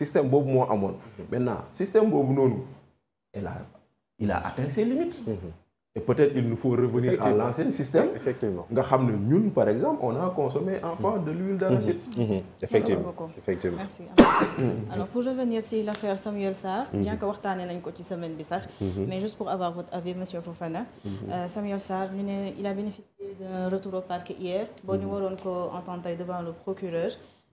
système boobu moo amoon maintenant système boobu noonu il a il a atteint ses limites mm-hmm. et peut-être il nous faut revenir à l'ancien système effectivement nga xam ne ñun par exemple on a consommé enfant de l'huile d'arachide mm-hmm. Mm-hmm. effectivement effectivement Samuel Sarr bien que waxtaanee nañ ko ci semaine bi sax mais juste pour avoir votre avis monsieur Fofana euh, Samuel Sarr il a bénéficié d'un retour au parquet hier boo waroon ko entendre devant le procureur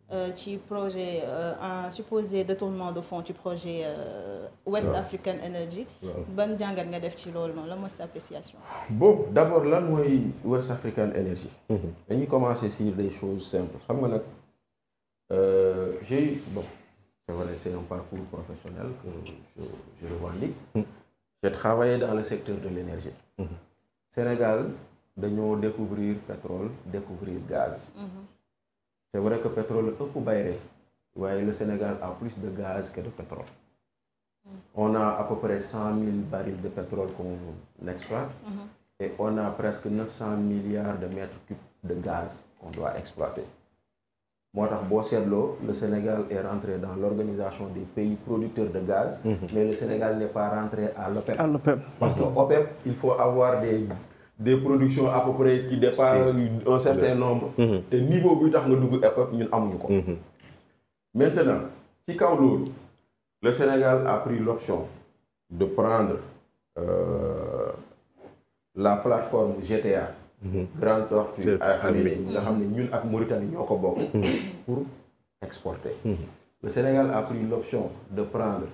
Euh, ci projet en euh, supposé détournement de fonds ci projet euh, West African Energy ban jàngat nga def ci loolu noonu la mooy sa appréciation bon d'abord lan mooy West African Energy mhm. dañuy commencer sur des choses simples xam nga nag j'ai eu bon c'est vrai c'est un parcours professionnel que je, je revendique mhm. dans le secteur de l'énergie mhm. Sénégal dañoo découvrir pétrole découvrir gaz c'est vrai que pétrole ëpp Bayré waaye le Sénégal a plus de gaz que de pétrole mm-hmm. on a à peu près cent mille barils de pétrole qu'on exploite mm-hmm. et on a presque cent milliards de mètres de gaz qu'on doit exploiter moo tax boo seetloo le Sénégal est rentré dans l'organisation des pays producteurs de gaz mm-hmm. mais le Sénégal n'est pas rentré à l'OPEP e e parce que OPEP e il faut avoir des des production à peu près qui dépassent un certain nombre mhm. te niveau bi tax nga dugg EPOP ñun amuñu ko mhm. maintenant ci kaw loolu le Sénégal a pris l'option de prendre euh, la plateforme GTA mmh. Grand Tortue a xam nga xam ne ñun ak Mauritanie ñoo ko bokk mhm. pour exporter mmh. Sénégal a pris l'option de prendre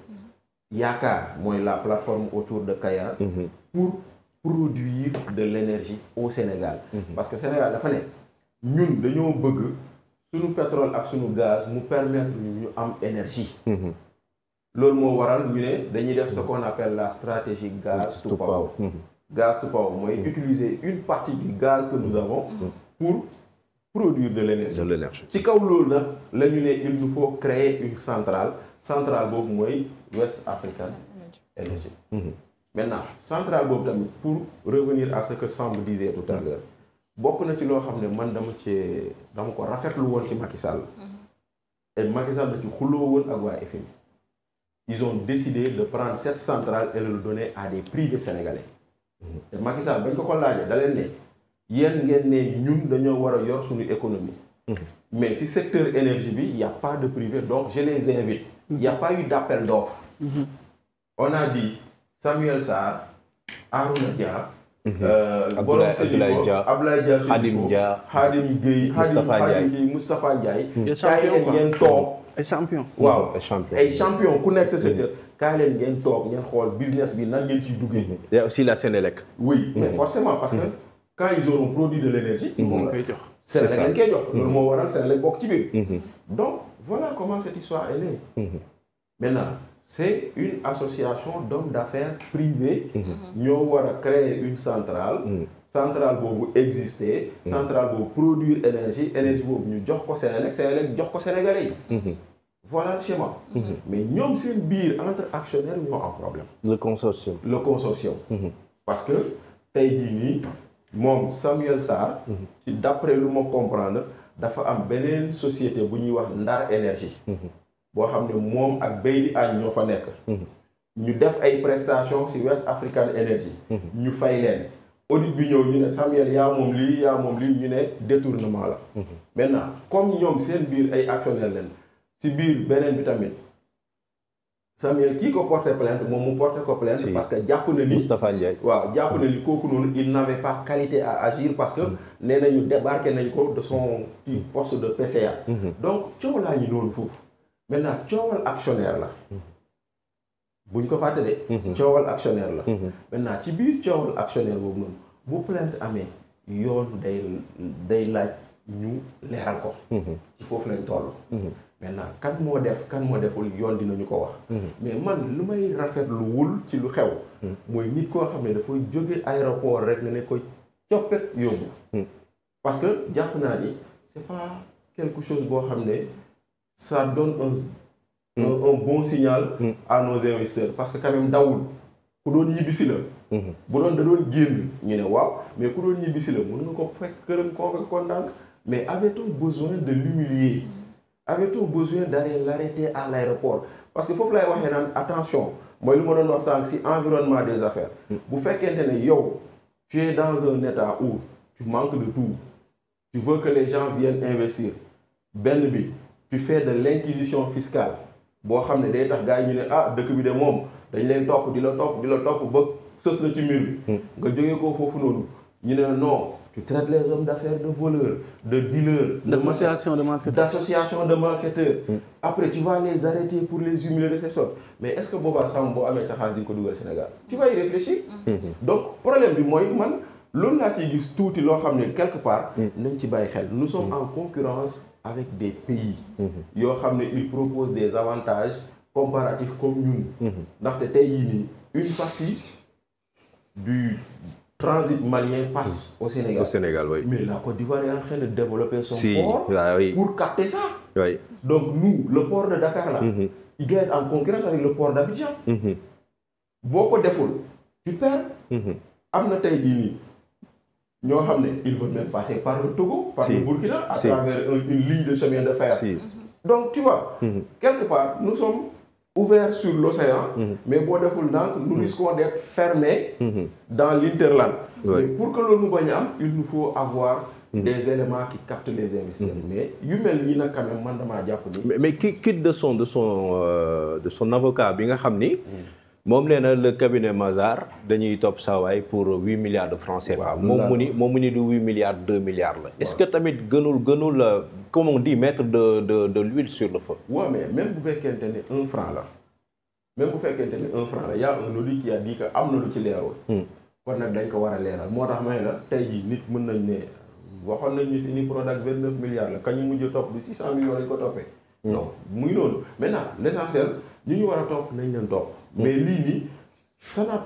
Yaakaar mooy la plateforme autour de Kayar pour produire de l'énergie au Sénégal mhm. parce que Sénégal dafa ne ñun dañoo bëgg suñu pétrole ak suñu gaz mu permettre ñu ñu am énergie mhm. loolu moo waral ñu ne dañuy def ce qu'on la stratégie gaz to power gaz to power mhm. mooy utiliser une partie du gaz que nous avons pour produire de l'énergie ci kaw loolu nag la ñu ne il nous faut créer une centrale centrale boobu mooy West African Energy mais maintenant centrale boobu tamit pour revenir à que Samb disait tout à bokk na ci loo xam ne man dama ce dama ko rafetlu woon ci Macky Sall mm-hmm. et Macky ci xuloo woon ak waa FMI ils ont décidé de prendre cette centrale et de donner à des privés sénégalais mm-hmm. te Macky Sall bañ ko ko laajee da ne yéen ngeen ne ñun dañoo war a yor suñu économie mm-hmm. mais si secteur énergie bi y pas de privé donc je les invite y a pas eu d'appel on a dit Samuel Sarr Arouna Dia. Mhm. Euh, Abdoulaye Abdoulaye Dia Abdoulaye Dia Khadim Dia Khadim Gueye Moustapha Ndiaye Moustapha Ndiaye. kaay leen ngeen toog. ay champion waaw ay champion ku nekk sa secteur. kaay leen ngeen toog ngeen xool business bi nan ngeen ciy duggee. Mhm. y a aussi la Sénélec. oui mhm. mais forcément parce que. quand ils auront produit de l'énergie. moom la koy jox Sénélec loolu moo waral Sénélec bok ci biir. donc voilà comment histoire est née. maintenant c'est une association d'hommes d'affaires privés mhm. Mhm. ñoo war a créer une centrale mhm. centrale boobu exister centrale boobu produire énergie énergie boobu ñu jox ko Sénélec Sénélec jox ko Sénégalais yi voilà le schéma mais ñoom seen biir entre ñoo am problème le consortium le consortium parce que tey jii nii moom Samuel Sarr ci d'après lu ma comprendre dafa am beneen société bu ñuy wax Ndar Énergie boo xam ne moom ak bay di añ ñoo fa nekk mhm. ñu def ay prestation si West African Energy mhm. ñu fay leen audit bi ñëw ñu ne Samuel yaa moom lii yaa moom lii ñu ne détournement la mhm. maintenant comme ñoom seen biir ay actionnaire leen ci biir beneen bi tamit Samuel kii ko porté plainte moom mu porté ko plainte parce que jàpp na ni Moustapha Ndiaye waaw jàpp na ni kooku noonu il n'avait pas qualité à agir parce que nee nañu débarqué nañ ko de son petit poste de PCA maintenant coowal actionnaire la hmm. buñ ko fàtte de hmm. coowal actionnaire la hmm. maintenant ci biir coowal actionnaire boobu noonu bu plainte amee yoon day day laaj ñu leeral ko ci foofu lañ toll maintenant kan moo def kan moo deful yoon dinañu ko wax mais man lu may rafetlu wul ci lu xew mooy nit koo xam ne dafa jóge aéroport rek nga ne ko coppet yóbbu parce que jàpp naa ni c'est pas quelque chose boo xam ne ça donne un, mm. un, un bon signal mm. à nos parce que quand même dawul ku doon ñibbisi la mm-hmm. bu doon da doon génn ñu ne waaw mais ku doon ñibbisi la mën nga ko fekk këram koo ko ndànk mais avait-on besoin de l'humilier avait-on besoin d'aller l'arrêter à l'aéroport parce que foofu lay waxee naan attention mooy lu ma doon wax sànq si environnement des affaires mm. bu fekkente ne yow tu dans un état où tu manques de tout tu veux que les gens investir benn bi tu fais de l'inquisition fiscale boo xam ne day tax gars yi ñu ne ah dëkk bi de moom dañ leen topp di la topp di la topp ba sës la ci mur bi hmm. nga jógee ko foofu noonu ñu ne non tu traites les hommes d'affaires de voleurs de dealers d'association de malfaiteurs d'association de malfaiteurs hmm. après tu vas arrêter pour les humilier de cette mais est-ce que boobaa sàmm boo amee sa di nga ko dugal Sénégal tu vas y hmm. donc problème bi mooy man loolu laa ci gis tuuti loo xam ne quelque part hmm. nañ ci bàyyi xel nous sommes hmm. en concurrence avec des pays hmm. yoo xam ne ils proposent des avantages comparatifs comme ñun ndaxte tey yii nii une partie du transit malien passe au Sénégal au Sénégal oui mais la Côte d'Ivoire est en train de développer son port ah pour capter ça donc nous le port de Dakar là il doit en concurrence avec le port d'Abidjan boo ko deful tu am na tey jii nii ñoo xam ne ils veulent même passer par le Togo par le Burkina à travers une ligne de chemin de fer donc tu vois mm-hmm. quelque part nous sommes ouverts sur l'océan mm-hmm. mais boo deful ndànk nous mm-hmm. risquons d'être fermés dans l'interland mais pour que loolu mu bañ am il faut avoir des éléments qui captent les investisseurs. mais yu mel nii nag quand même man damaa jàpp ni mais qui quitte de son de son euh, de son avocat bi nga xam ni mm. moom nee na le cabinet Mazars dañuy topp saawaay pour huit milliards de francs CFA. moom mu ni moom mu ni du huit milliards deux milliards la. est-ce que tamit gënul gënul euh, comme on dit de de de sur le feu. waaw mais même bu fekkente ne un franc la même bu fekkente ne un franc la y a un audit qui a dit am na lu ci leerul. Hmm. kon nag dañ ko war a leeral moo tax may la tey jii nit mën nañ ne waxoon nañ ñu fi ni Prodac vingt neuf milliards la kañu mujj topp du six cent millions lañ ko toppee. Hmm. non muy noonu maintenant l'essentiel ñu ñu war a topp nañ leen topp. mais lii nii Sonac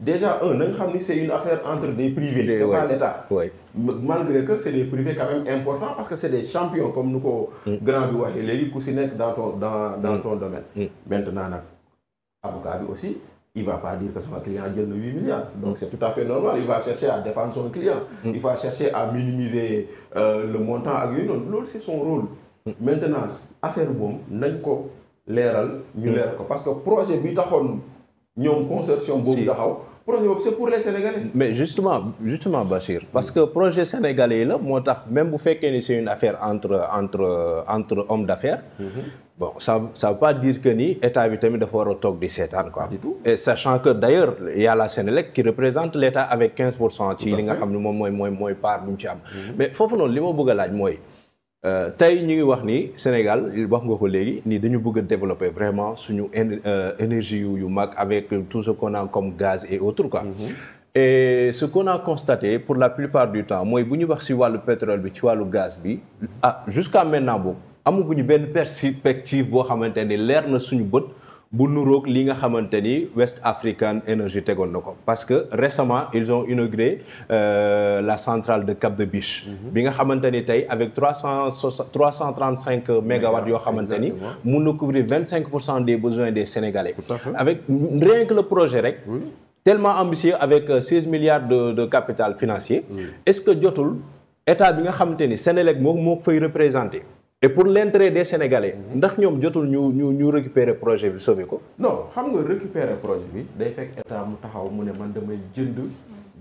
déjà un na xam ni c'est une affaire entre des privés. c'est pas l'État. malgré que c'est des privés quand même importants parce que c'est des champions comme nu ko. Mm. grand bi waxee dans ton mm. domaine. Mm. maintenant nag avocat bi aussi. il va pas dire que son client jël na huit milliards donc c'est tout à fait normal il va chercher à défendre son client il va chercher à minimiser euh, le montant ak yooyu noonu loolu c'est son rôle maintenant affaire moom nañ ko leeral ñu leeral parce que projet bi taxoon ñoom consortium boobu taxaw projet boobu c'est pour les sénégalais. mais justement justement Bachir. parce que projet sénégalais yi la moo tax même bu fekkee ni c'est une affaire entre entre entre hommes d'affaires. Mhm. bon ça ça veut pas dire que ni état bi tamit dafa war a toog di seetaan quoi. du tout et sachant que d'ailleurs il y a la Sénélec qui représente l'état avec 15 pour cent. ci li nga xam ne moom mooy mooy mooy part bu mu ci am. Mhm. mais foofu noonu li ma bëgg laaj mooy. Euh, tey ñu ngi wax ni Sénégal wax nga ko léegi nii dañu bëgg a développer vraiment suñu euh, énergie yu yu mag avec tout ce qu'on comme gaz et autres quoi. Mm -hmm. et ce qu'on a constaté pour la plupart du temps mooy bu ñu wax ci wàllu pétrole bi ci wàllu gaz bi ah jusqu'à maintenant boobu amaguñu benn perspective boo xamante ni leer na suñu bët. bu nuroog li nga xamante ni West African Energy tegoon na ko parce que récemment ils ont inauguré euh, la centrale de Cap de Biche. Mhm. bi nga xamante ni tey avec trois cent soixante trois cent cinq mégawatts yoo xamante ni mun na couvrir vingt cinq pour cent des besoins des Sénégalais. Tout à fait. avec rien que le projet rek. Oui. tellement ambitieux avec 16 euh, milliards de de capital financier. Oui. est-ce que jotul état bi nga xamante ni Sénélec moom moo fay représenté. pour l'intérêt des sénégalais mhm. ndax ñoom jotul ñu ñu ñu récupérer projet bi sauver ko. no xam nga récupérer projet bi day fekk état mu taxaw mu ne man damay jënd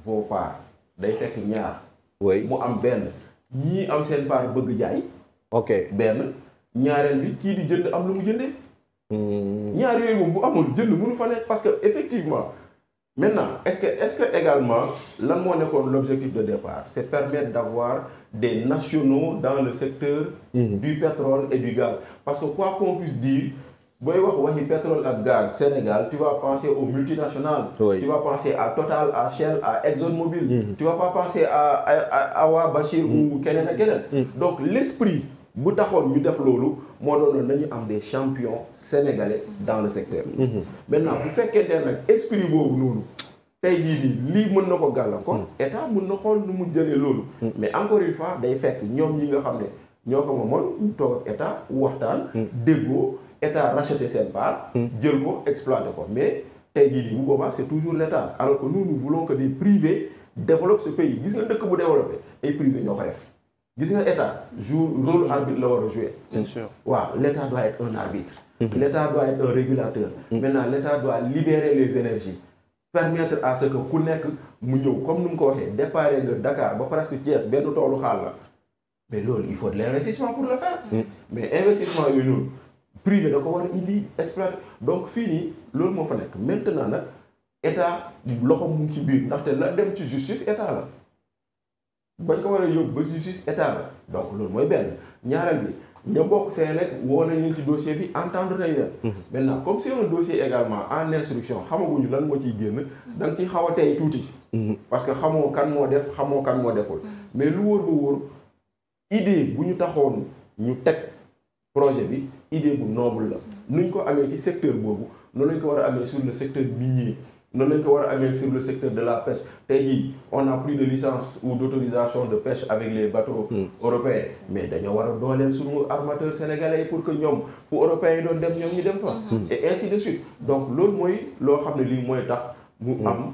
vos parts day fekk ñaar. oui mu am benn ñii am seen part bëgg jaay. ok benn ñaareel bi kii di jënd am lu mu jëndee. Hmm. ñaar yooyu moom bu amul jënd mënu fa nekk parce que effectivement. maintenant est-ce que est-ce que également lan moo nekkoon l'objectif de départ c'est permettre d'avoir des nationaux dans le secteur mmh. du pétrole et du gaz parce que quoi qu'on puisse dire booy wax waxi pétrole ak gaz Sénégal tu vas penser aux multinationales tu vas penser à Total à Shell à ExxonMobil mmh. tu vas pas penser à à, à Awa Bachir mmh. ou mhm. keneen ak keneen mhm. donc l'esprit bu taxoon ñu def loolu moo doonoon nañu am des champion sénégalais dans le secteur. Mhm. maintenant bu fekkee ne nag esprit boobu noonu. tey jii nii lii mën na ko gàllankoor. Mhm. état mën na xool nu mu jëlee loolu. Mhm. mais encore une fois day fekk ñoom ñi nga xam ne ñoo ko moomoon ñu toog ak waxtaan. déggoo état racheter seen part. jël ko exploiter ko mais tey jii nii bu boobaa c'est toujours l'état alors que nous nous voulons que des privés développent pays gis nga dëkk bu développé ay privés ñoo ko def. gis nga état jour rôle arbitre la war a jouer. waaw l' état doit être un arbitre. Mhm. l' état doit être un régulateur. Mhm. maintenant l' état doit libérer les énergies. permettre à ce que ku nekk mu ñëw comme nu mu ko waxee déparé nga Dakar ba presque Thiès benn toolu xaal la mais loolu il faut de l' investissement pour le faire. Mhm. mais investissement yooyu noonu privé da ko war a indi exploité donc fii nii loolu moo fa nekk maintenant nag état loxo mu ci biir ndaxte la dem ci justice état la. bañ ko war a yóbbu ba justice état la donc loolu mooy benn ñaareel bi ña bokk Senelec woo nañ ci dossier bi entendre nañ leen benn mhm. comme c'est un dossier également en instruction xamaguñu lan moo ciy génn da ciy xaw a tey tuuti mhm. parce que xamoo kan moo def xamoo kan moo deful mhm. mais lu wóor ba wóor idée bu ñu taxoon ñu teg projet bi idée bu noble la nuñ ko amee ci secteur boobu noonu lañ ko war a amee sur le secteur minier noonu lañ ko war a amee sur le secteur de la pêche tey jii on a plus de licence ou d' autorisation de pêche avec les bateaux hmm. européens mais dañoo war a dooleel suñu armateurs sénégalais pour que ñoom fu européens yi doon dem ñoom ñu dem fa hmm. et ainsi de suite donc loolu mooy loo xam ne lii mooy tax mu hmm. am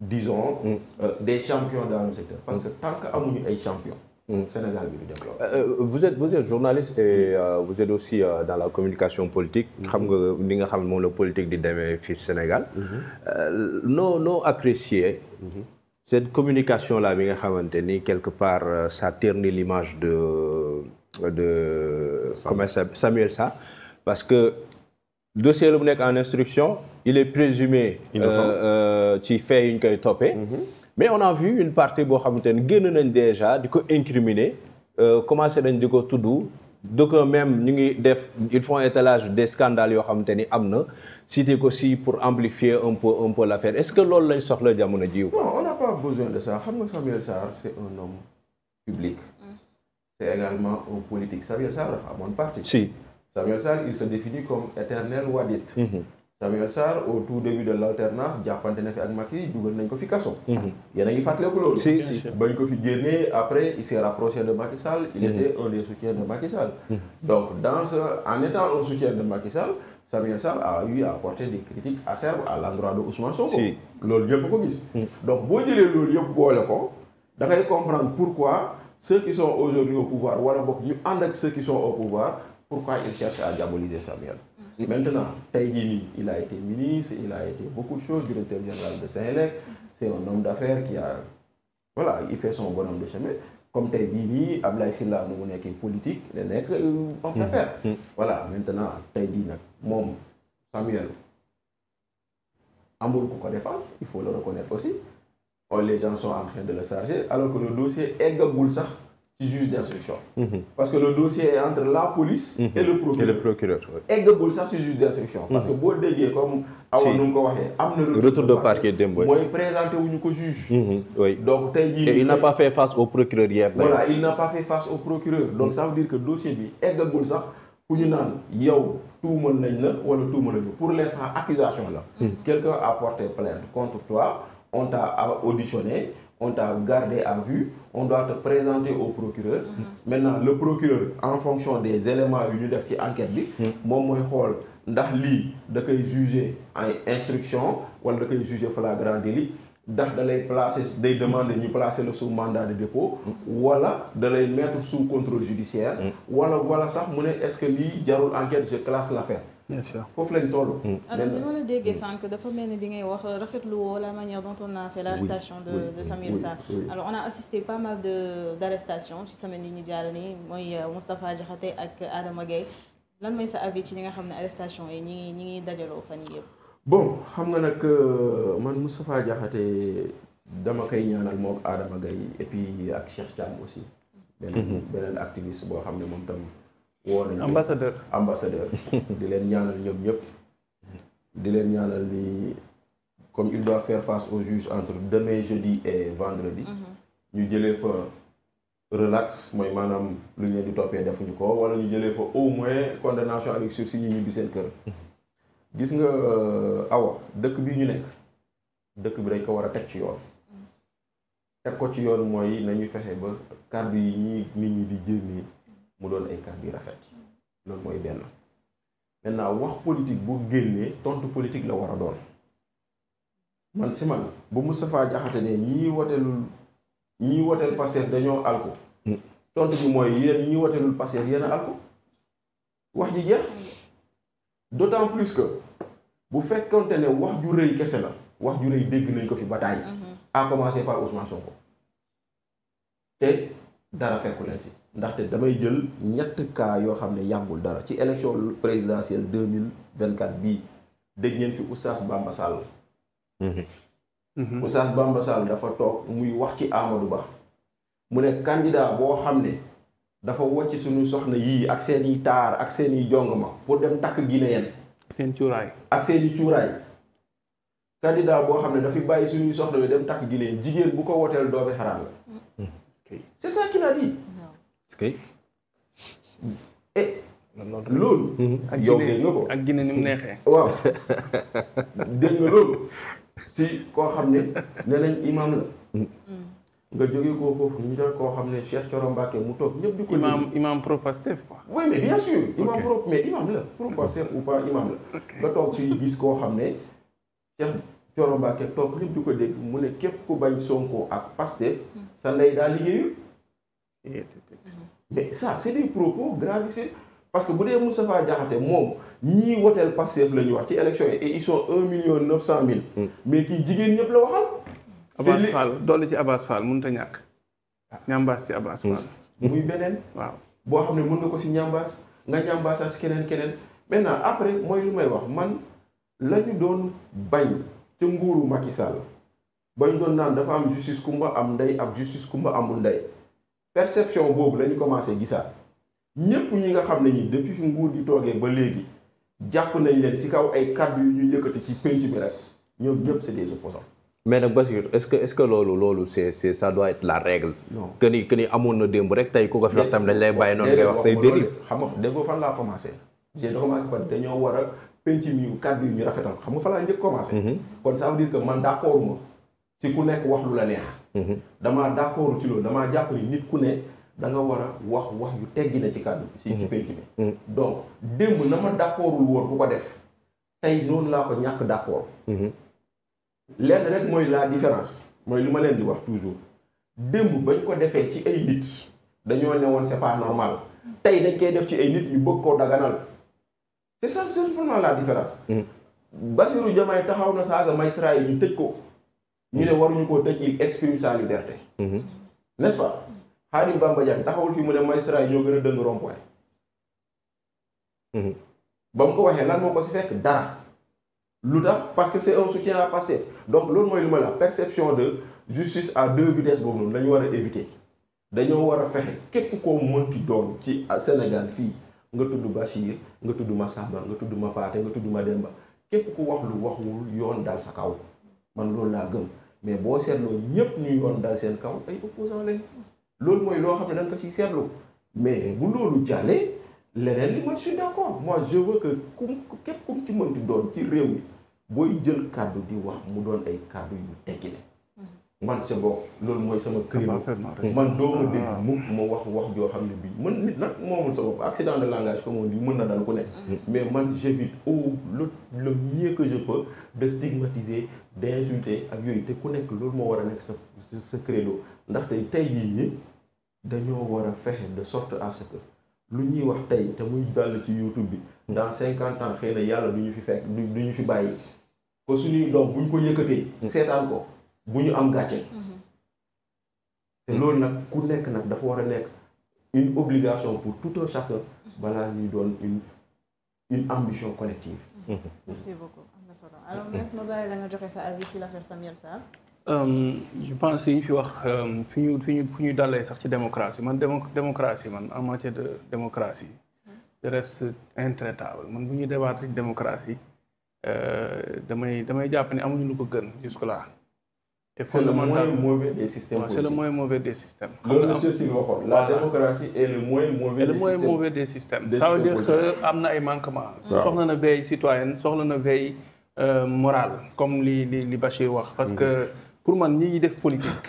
disons euh, des champions dans le secteur parce que tant amuñu ay champions Mm. Sénégal bi du développé. Euh, euh, vous êtes journaliste et euh, vous êtes aussi dans la communication politique. Mm-hmm. xam nga li nga xam moom la politique di demee fii Sénégal. Mm-hmm. no noo apprécier. Mm-hmm. cette communication là bi nga xamante ni quelque part ça ternit l'image de de. comment Samuel Sarr parce que dossier lu mu nekk en instruction il est présumé. ci fait yu ñu koy toppee. mais on a vu une partie boo xamante ne génn nañ déjà di ko incriminer euh, commencé nañ di ko tudd donc même ñu ngi def ils font étalage des scandales yoo xamante ni am na cité ko si pour amplifier un peu un peu l'affaire est-ce que loolu lañ soxla jamono jiw. non on n'a pas besoin de ça xam nga Samuel Sarr c'est un nom public. Mm. c'est également un politique Samuel Sarr amoon parti. si Samuel Sarr il se définit comme éternel wadiste. Samuel Sarr au tout début de l'alternance jàppante na fi ak Macky dugal nañ ko fi kaso. Mhm. yéen a ngi fàttaliku loolu. si si ko fi génnee après il s'est rapproché de Macky Sall. il mhm. était un des soutiens de Macky mhm. donc dans en étant un soutien de Macky Samuel Sarr a eu à porter des critiques acerbes à l'endroit de Ousmane Sonko. si loolu ñëpp ko gis. donc boo jëlee loolu yëpp boole ko da ngay comprendre pourquoi ceux qui sont aujourd'hui au pouvoir war bokk ñu ànd ak ceux qui sont au pouvoir pourquoi ils cherchent à Maintenant, Taïdini, il a été ministre, il a été beaucoup de choses, directeur général de Sénélec, c'est un homme d'affaires qui a. Voilà, il fait son bonhomme de chemin. Comme Taïdini, Ablaï Silla, nous on est politique, il est euh, homme mm-hmm. d'affaires. Mm-hmm. Voilà, maintenant, Taïdini, Mom, Samuel, Amour qu'on défendre, il faut le reconnaître aussi. Oh, les gens sont en train de le charger, alors que le dossier est Boulsach. ci juge d'instruction mhm. parce que le dossier entre la police mhm. et le procureur et le sax ci juge d'instruction parce que mhm. boo déggee comme awoon nu mu ko waxee am na retour de parquet démb mooy présenté wuñu ko juge oui donc tey jii il n'a pas face au procureur hier voilà il n'a pas face au procureur donc ça veut dire que dossier bi eggagul sax fu ñu naan yow tuumal nañ la wala tuumal nañ la pour l'instant accusation la quelqu'un a porté plainte contre toi on t'a auditionné on t'a gardé à on doit te présenter au procureur mhm. maintenant le procureur en fonction des éléments yu ñu def ci enquête bi mhm. moom mooy xool ndax lii da koy juger en instruction wala da koy juger flagrant ndax da lay placer day demander ñu placer la sous mandat de dépôt mhm. wala da lay mettre sous contrôle judiciaire wala wala sax mu ne est-ce que lii jarul enquête je classe l'affaire bien sûr foofu lañ toll. Mm. alors bi ma la déggee sànq dafa mel ni bi ngay wax rafetlu woo la manière dont on a fait l'arrestation de de Samuel Sarr. alors on a assisté pas mal de d'arrestations ci semaine yi ñu jàll nii mooy euh, Moustapha Diakhaté ak Adama Gueye lan mooy sa avis ci li nga xam ne arrestation yi ñi ngi ñi ngi dajaloo fan yii yëpp. bon xam nga nag euh, man Moustapha Diakhaté dama koy ñaanal moo Adama Gueye et puis ak Cheikh Thiam aussi. Mm-hmm. beneen beneen boo xam ne moom tam. woo nañu ambassadeur ambassadeur di leen ñaanal ñoom ñëpp di leen ñaanal ni comme il doit faire face au juge entre demain jeudi et vendredi mm-hmm. ñu jëlee fa relax mooy maanaam lu ñu leen di toppee defuñu ko wala ñu jëlee fa au moins condamnation avec sursis ñu ñibbi seen kër gis nga euh, awa dëkk bi ñu nekk dëkk bi dañ ko war a teg ci yoon mm. teg ko ci yoon mooy nañu fexe ba kàddu yi ñi nit ñi di jénnee mu doon ay kàddu yu rafet loolu mooy benn maintenant wax politique bu génnee tontu politique la war a doon man si man bu Moustapha Diakhaté ne ñii woteelul ñii woteel Pastef dañoo alko mm. tontu bi mooy yéen ñii woteelul Pastef yéen a alko wax ji jeex d'autant plus que bu fekkonte ne wax ju rëy kese la wax ju rëy dégg nañ ko fi bataay mm-hmm. à commencer par Ousmane Sonko te dara fekku leen si ndaxte damay jël ñett cas yoo xam ne yàggul dara ci élection présidentielle deux mille vingt quatre bii dégg ngeen fi Oustaz Bamba Sall. Mhm. Oustaz Bamba Sall dafa toog muy wax ci Amadou Ba mu ne candidat boo xam ne dafa wàcc suñu soxna yii ak seeni i taar ak seeni i jongoma pour dem takk Guinéen. seen cuuraay ak seeni i cuuraay. candidat boo xam ne dafay bàyyi suñuy soxna bi dem takk Guinéen jigéen bu ko woteel doomi xaraam la. Mhm. c'est ça qu'il a dit. ok. et. Eh, loolu. Mhm. ak yow ni mu neexee. waaw dégg nga loolu si koo xam ne ne nañ imaam la. Mhm. Mm. nga jóge koo foofu ñu jox koo xam ne Cheikh Thioro mu toog ñëpp di ko. imaam imaam pro Pastef quoi. oui mais bien sûr. imaam pro mais la pro Pastef ou pas imaam la. nga toog fii gis koo xam ne Cheikh. Coro Mbacke toog lépp di ko dégg mu ne képp ku bañ Sonko ak Pastef sa ndey daa liggéeyul mais ça c' est des propos graves parce que bu dee Moustapha Diakhaté moom ñii woteel Pastef la ñu wax ci élection yi et un million neuf cent mille hmm. mais kii jigéen ñëpp la waxal Abass Fall dolli ci Abass Fall mënut a ñàkk ah. ñambaas ci Abass Fall hmm. muy beneen waaw boo xam ne mun nga ko si ñambaas nga ñambaas ak keneen keneen maintenant après mooy lu may wax man la ñu doon bañ ca nguuru Macky Sall bañ doon naan dafa am justice kumba am ndey ab justice kumba amul ndey perception boobu lañu commencé gisaat ñépp ñi nga xam ne ñi depuis nguur gi toogee ba léegi jàpp nañ leen ci kaw ay kàddu yu ñu yëkkati ci penc mi rek ñoom ñëpp c'est des opposants mais nag Bassirou est-ce que est-ce que loolu loolu c'est c'est ça doit la règle. non que ni que amoon na démb rek tey ku ko fi tamit dañ lay bàyyi noonu ngay wax say dérive. xam nga déggoo fan laa commencé. j'ai commencé par dañoo war penc mi kàddu yi ñu rafetal xam nga fa laa njëkk commencé. Mhm. kon sa veut dire man d' accord ma si ku nekk wax lu la neex. Mhm. damaa d' accord ci damaa jàpp ni nit ku ne da nga war a wax wax yu teggi na ci kàddu. si ci mhm. penc mi. donc démb na ma d' accordul woon ku ko def tey noonu laa ko ñàkk d' accord. lenn rek mooy la différence mooy li ma leen di wax toujours démb bañ ko defee ci ay nit dañoo ne woon c' est pas normal tey dañ koy def ci ay nit ñu bëgg koo daganal. c'est ça simplement la différence. jaman mm. yi taxaw na saaga magistrat yi ñu tëj ko. ñu ne waruñu koo tëj il exprime sa liberté. Mm-hmm. n'est-ce pas. Khadim Bamba Diagne taxawul fii mu ne magistrat yi ñoo gën a dëng rond mm-hmm. ba mu ko waxee lan moo ko si fekk dara. lu tax parce que c'est un soutien à Pastef donc loolu mooy lu ma la perception de justice à deux vitesses boobu noonu la ñu war a éviter. dañoo war a fexe képp koo mënti doon ci Sénégal fii. nga tuddu Bachir nga tuddu tudd Massamba nga tudd Mapaate nga tudd Mademba képp ku wax lu waxul yoon dal sa kaw man loolu laa gëm mais boo seetloo ñépp ñu yoon dal seen kaw ay opposant lañ loolu mooy loo xam ne da nga ko siy seetlu mais bu loolu jàllee leneen li man je suis d'accord moi je veux que ci mënti doon ci réew mi booy jël kàddu di wax mu doon ay kàddu yu tekki ne man sa bopp loolu mooy sama crime ah, man doo ma ah. dégg mukk ma wax wax joo xam ne bii mën nit nag moomul soo bopp accident de langage comme on dit mën na dal ku ne mm-hmm. mais man j'évite au le le mieux que je peux de stigmatiser d'insulter ak yooyu te ku nekk loolu moo war a nekk sa sa credo ndaxte tey jii nii dañoo war a fexe de sorte à que lu ñuy wax tey te muy dal ci YouTube bi ndax cinquante ans xëy na yàlla du ñu fi fekk du ñu fi bàyyi ko suñuy doom buñ ko yëkkatee mm-hmm. seetaan ko bu ñu am gàcce. loolu nag ku nekk nag dafa war a nekk une obligation pour tout un chacun balaa ñuy doon une une ambition collective. merci beaucoup am na solo alors ma bàyyi la nga sa avis ci l'affaire Samuel euh, je pense yi ñu fi wax euh, fi ñu fi ñu fi ñu dalee sax ci démocratie man démocratie man en matière de démocratie je reste intraitable man bu ñuy débattre ci démocratie euh, damay damay jàpp ni amuñu lu ko gën jusque là. te fondamental c'est le moins le moins mauvais des systèmes. loolu la Churchill waxoon la démocratie est le moins mauvais des systèmes. le dire que am na ay manquement soxla na veille citoyenne soxla na veille euh, morale comme li li li wax. parce que mm-hmm. pour man ñi ñuy def politique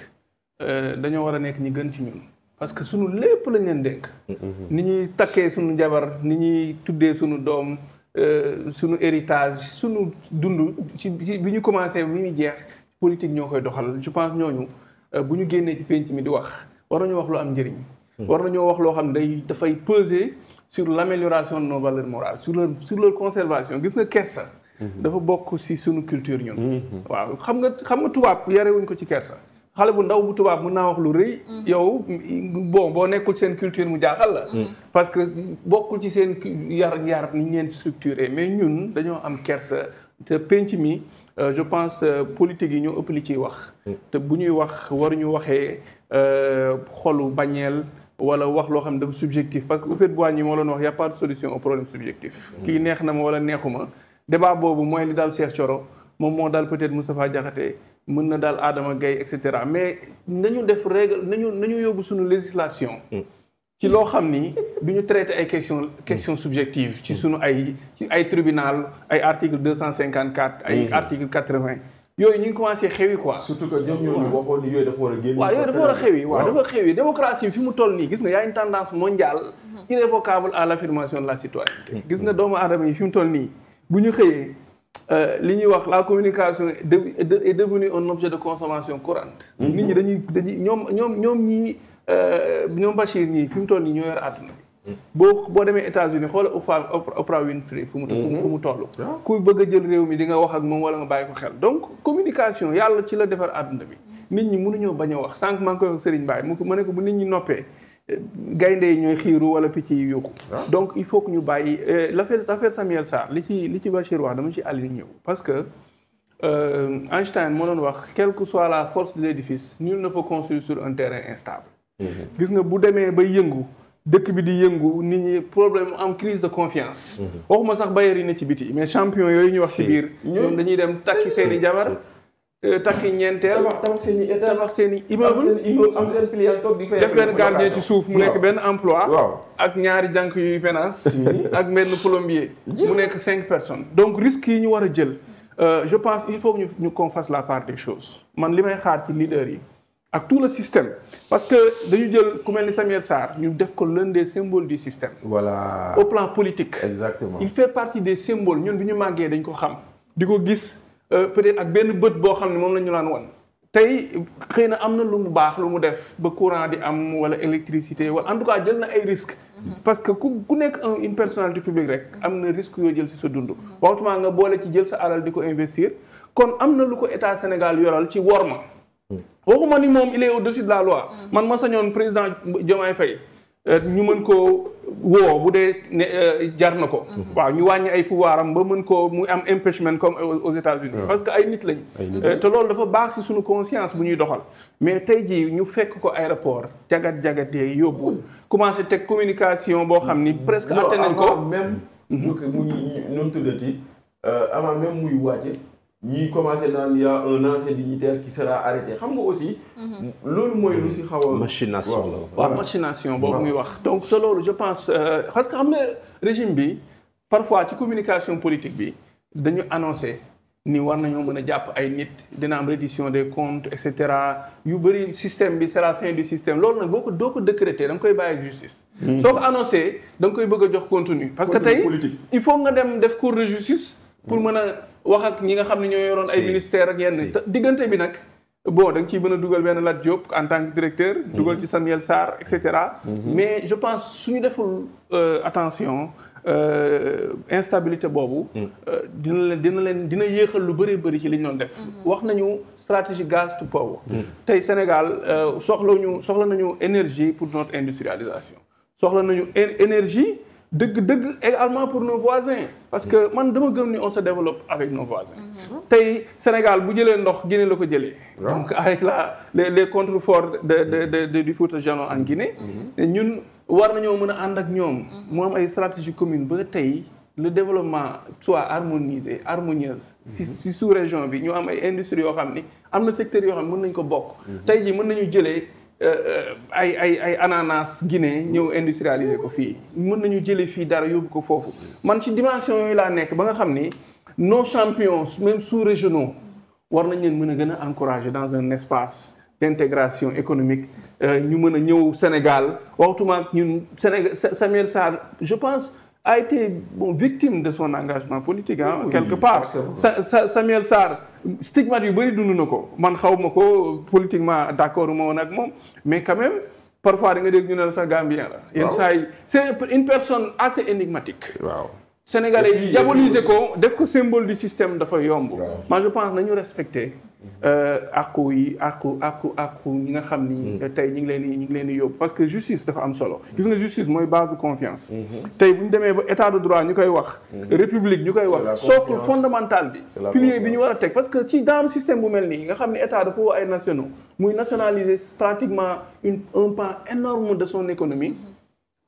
euh, dañoo war a nekk ñi gën ci ñun. parce que sunu lépp lañ leen dénk. Mm-hmm. ni ñuy takkee suñu jabar ni ñuy tuddee suñu doom euh, sunu héritage sunu dund bi ñu commencé bi ñu jeex. politique ñoo koy doxal je pense ñooñu euh, bu ñu génnee ci penc mi di wax war nañoo wax lu am njëriñ. Hmm. war na ñoo wax loo xam ne day dafay peser sur l' amélioration de nos valeurs morales sur leur conservation gis nga kersa. Hmm. dafa bokk si suñu culture ñun. Hmm. waaw xam nga xam nga tubaab yarewuñ ko ci kersa. xale bu ndaw bu tubaab mun naa wax lu rëy. yow bon boo nekkul seen culture mu jaaxal la. parce que bokkul ci seen yar yar ni ñu leen mais ñun dañoo am kersa te mi. Euh, je pense euh, politique yi ñoo ëpp li ciy wax. te bu ñuy wax ñu waxee euh, xolu bañeel wala wax loo xam ne dafa subjectif parce que Houphouët-Boigny moo doon wax y' a de solution au problème subjectif. kii neex na ma wala neexuma débat boobu mooy li daal Cheikh Thioro moom moo daal peut-être Moustapha Diakhaté mën na daal aadama Gaye et cetera mais nañu def règle nañu ñu yóbbu suñu législation. ci loo xam ni du ñu traité ay question question subjective ci sunu ay ci ay tribunal ay article deux cent cinquante quatre ay mm-hmm. article quatre vingt yooyu ñu ngi commencé xewi quoi. surtout que a génn. waaw yooyu toll nii gis nga y a une tendance mm-hmm. à l' affirmation la citoyenneté. Mm-hmm. gis nga doomu aadama yi fi mu toll nii bu ñu xëyee euh, li ñuy wax la communication est devenue un objet de consommation courante. nit ñi dañuy dañuy ñoom ñoom ñoom ñii. Euh, ñoom Bachir ñii fi mu toll nii ñoo yor àdduna bi. boo boo demee États-Unis xoola Oprah Winfrey fu mu toll. Mm-hmm. ku bëgg jël réew mi di nga wax ak moom wala nga bàyyi ko xel donc communication yàlla ci la defar àdduna bi. nit ñi mënuñoo bañ a wax sànq maa ngi koy wax Serigne Mbaye mu ko ma ne ko bu nit ñi noppee eh, gaynde yi ñooy xiiru wala picc yi yokku donc il faut que ñu bàyyi eh, l'affaire affaire Samuel Sarr li ci li ci Bachir wax dama ci àll ñëw parce que euh, Einstein moo doon wax quelle que la force de l'édifice nul ne peut construire sur un Mhm. gis nga bu demee bay yëngu dëkk bi di yëngu nit ñi problème am crise de confiance. Mhm. waxuma sax bailleurs ne ci biti mais champion yooyu ñu wax ci biir. ñoom dañuy dem takki seen i jabar. Euh, takki ñeenteel tabax tabax seen i seen i immeuble am seen client def benn gardien ci suuf mu nekk benn emploi ak ñaari jànk yuy penance ak benn plombier mu nekk cinq personnes donc risque yi ñu war a jël euh, je pense il faut que ñu qu'on fasse la part des choses man li may xaar ci leader yi ak tout le système parce que dañu jël ku mel ni Samuel Sarr ñu def ko l'un des symboles du système. voilà au plan politique. exactement il fait partie des symboles ñun bi ñu màggee dañ ko xam. di ko gis euh, peut ak benn bët boo xam ne moom la ñu laan wan. tey xëy na am na lu mu baax lu mu def ba courant di am walla électricité walla en tout cas jël na ay risques. Mhm. parce que ku ku nekk une personnalité publique rek. am na risque yoo jël ci sa dund. Mhm. waxtuma nga boole ci jël sa alal di ko investir kon am na lu ko état Sénégal yoral ci worma. waxuma ni moom il est au-dessus de la loi. Mm. man ma sañoon président Diomaye Faye euh, ñu mën koo woo bu dee ne euh, jar na ko. Mm-hmm. waaw ñu wàññi ay pouvoir am ba mën koo mu am impeachment comme aux États-Unis parce que ay nit lañ. Euh, te loolu dafa baax ci suñu conscience bu ñuy doxal. mais tey jii ñu fekk ko aéroport jagat jagat yeeg yóbbu mm. commencé teg communication boo xam ni presque. attenañ nañ non avant même. Mm-hmm. ñu ko mu ñu ñu tuddati avant même muy wàcce. ñuy commencé naan y' a un ancien dignitaire qui sera arrêté xam nga aussi. Mhm. loolu mooy lu si xaw a. machination la waaw machination boobu muy wax. donc te loolu je pense euh, parce que xam nga régime bi parfois ci communication politique bi dañu annoncé ni war nañoo mën a jàpp ay nit dina am reddition des comptes et cetera yu bëri système bi c'est la fin du système loolu nag boo ko doo ko décréter da nga koy bàyyi justice. Mhm. soo ko annoncé da koy bëgg jox contenu. parce que tey il faut nga dem def cour de pour mën a wax ak ñi nga xam ne ñoo yoroon ay ministère ak yenn diggante bi nag boo da nga ciy mën a dugal benn Lat Diop en tant que directeur mm-hmm. dugal ci Samuel Sarr et cetera mm-hmm. mais je pense su suñu deful euh, attention euh, instabilité boobu mm. euh, dina leen dina leen dina yéexal lu bëree bëri ci li ñu doon def mm-hmm. wax nañu stratégie gaz to power mm. tey Sénégal soxla ñu soxla nañu énergie pour notre industrialisation soxla nañu énergie dëgg-dëgg également pour nos voisins parce que man dama gën ni on se développe avec nos voisins mhm. tey Sénégal bu jëlee ndox Guinée la ko jëlee donc avec la les les contreforts de de de du Fouta Djallon en Guinée mhm. ñun war nañoo mën a ànd ak ñoom mhm. mu am ay stratégie commune ba tey le développement soit harmonisé harmonieuse si si sous région bi ñu am ay industries yoo xam ni am na secteurs yoo xam ne mën nañ ko bokk tey ji mën nañu jëlee Euh, euh, ay ay ay ananas Guinée ñëw industrialiser ko fii mën nañu jëlee fii dara yóbbu ko foofu man ci dimension yooyu laa nekk ba nga xam ni nos champions même sous-régionaux war nañ leen mën a gën a encourager dans un espace d'intégration économique euh, ñu mën a ñëw Sénégal waxtuma ñun Sénégal Samuel Sarr je pense a été bon de son engagement politique ah oui, quelque part sa sa Samuel Sarr stigmate yu bëri dund na ko man xaw ko politiquement d'accord ma woon ak moom mais quand même parfois da nga dégg ñu ne la sax Gambien la yenn c'est une personne assez énigmatique waaw Sénégalais yi diaboliser ko def ko symbole du système dafa yomb. ma je pense nañu respecté. Euh, àqu yi àqu àqu ak ñi nga xam ni. Mm-hmm. tey ñu ngi leen di ñu ngi leen di parce que justice dafa am solo. gis nga justice mooy base de confiance. Mm-hmm. tey bu ñu demee ba état de droit ñu koy wax. Mm-hmm. république ñu koy wax. socle fondamental bi. pilier bi ñu war a teg parce que ci dans système bu mel nii nga xam ni état dafa woo ay nationaux. muy nationaliser pratiquement une un pan énorme de son économie.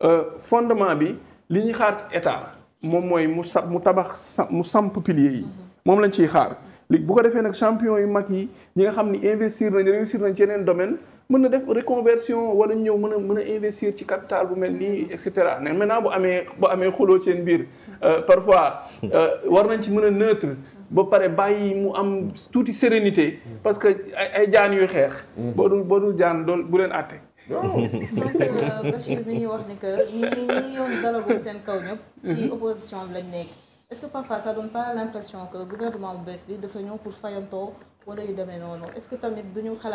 Euh, fondement bi li ñuy xaar état. moom mooy mu sa mu tabax mu samp pilier yi moom lañ ciy xaar léegi bu ko defee nag champion yu mag yi ñi nga xam ni investir nañ réussir nañ ci yeneen domaine mën na def reconversion wala ñëw mën a mën a investir ci capital bu mel nii et cetera mais maintenant bu amee bu amee xuloo seen biir euh, parfois euh, war nañ ci mën a neutre ba pare bàyyi mu am tuuti sérénité parce que ay jaan yuy xeex mm. boo dul boo dul jaan dool bu leen àtte sànq euh, Bachir mi ngi wax ne que ñi ñi yoon dalagum seen kaw ñëpp ci mhm. opposition lañ nekk est-ce que parfois ça donne l'impression que gouvernement bu bees bi dafa ñëw pour fayantoo wala yu demee noonu est-ce que tamit duñu xalaat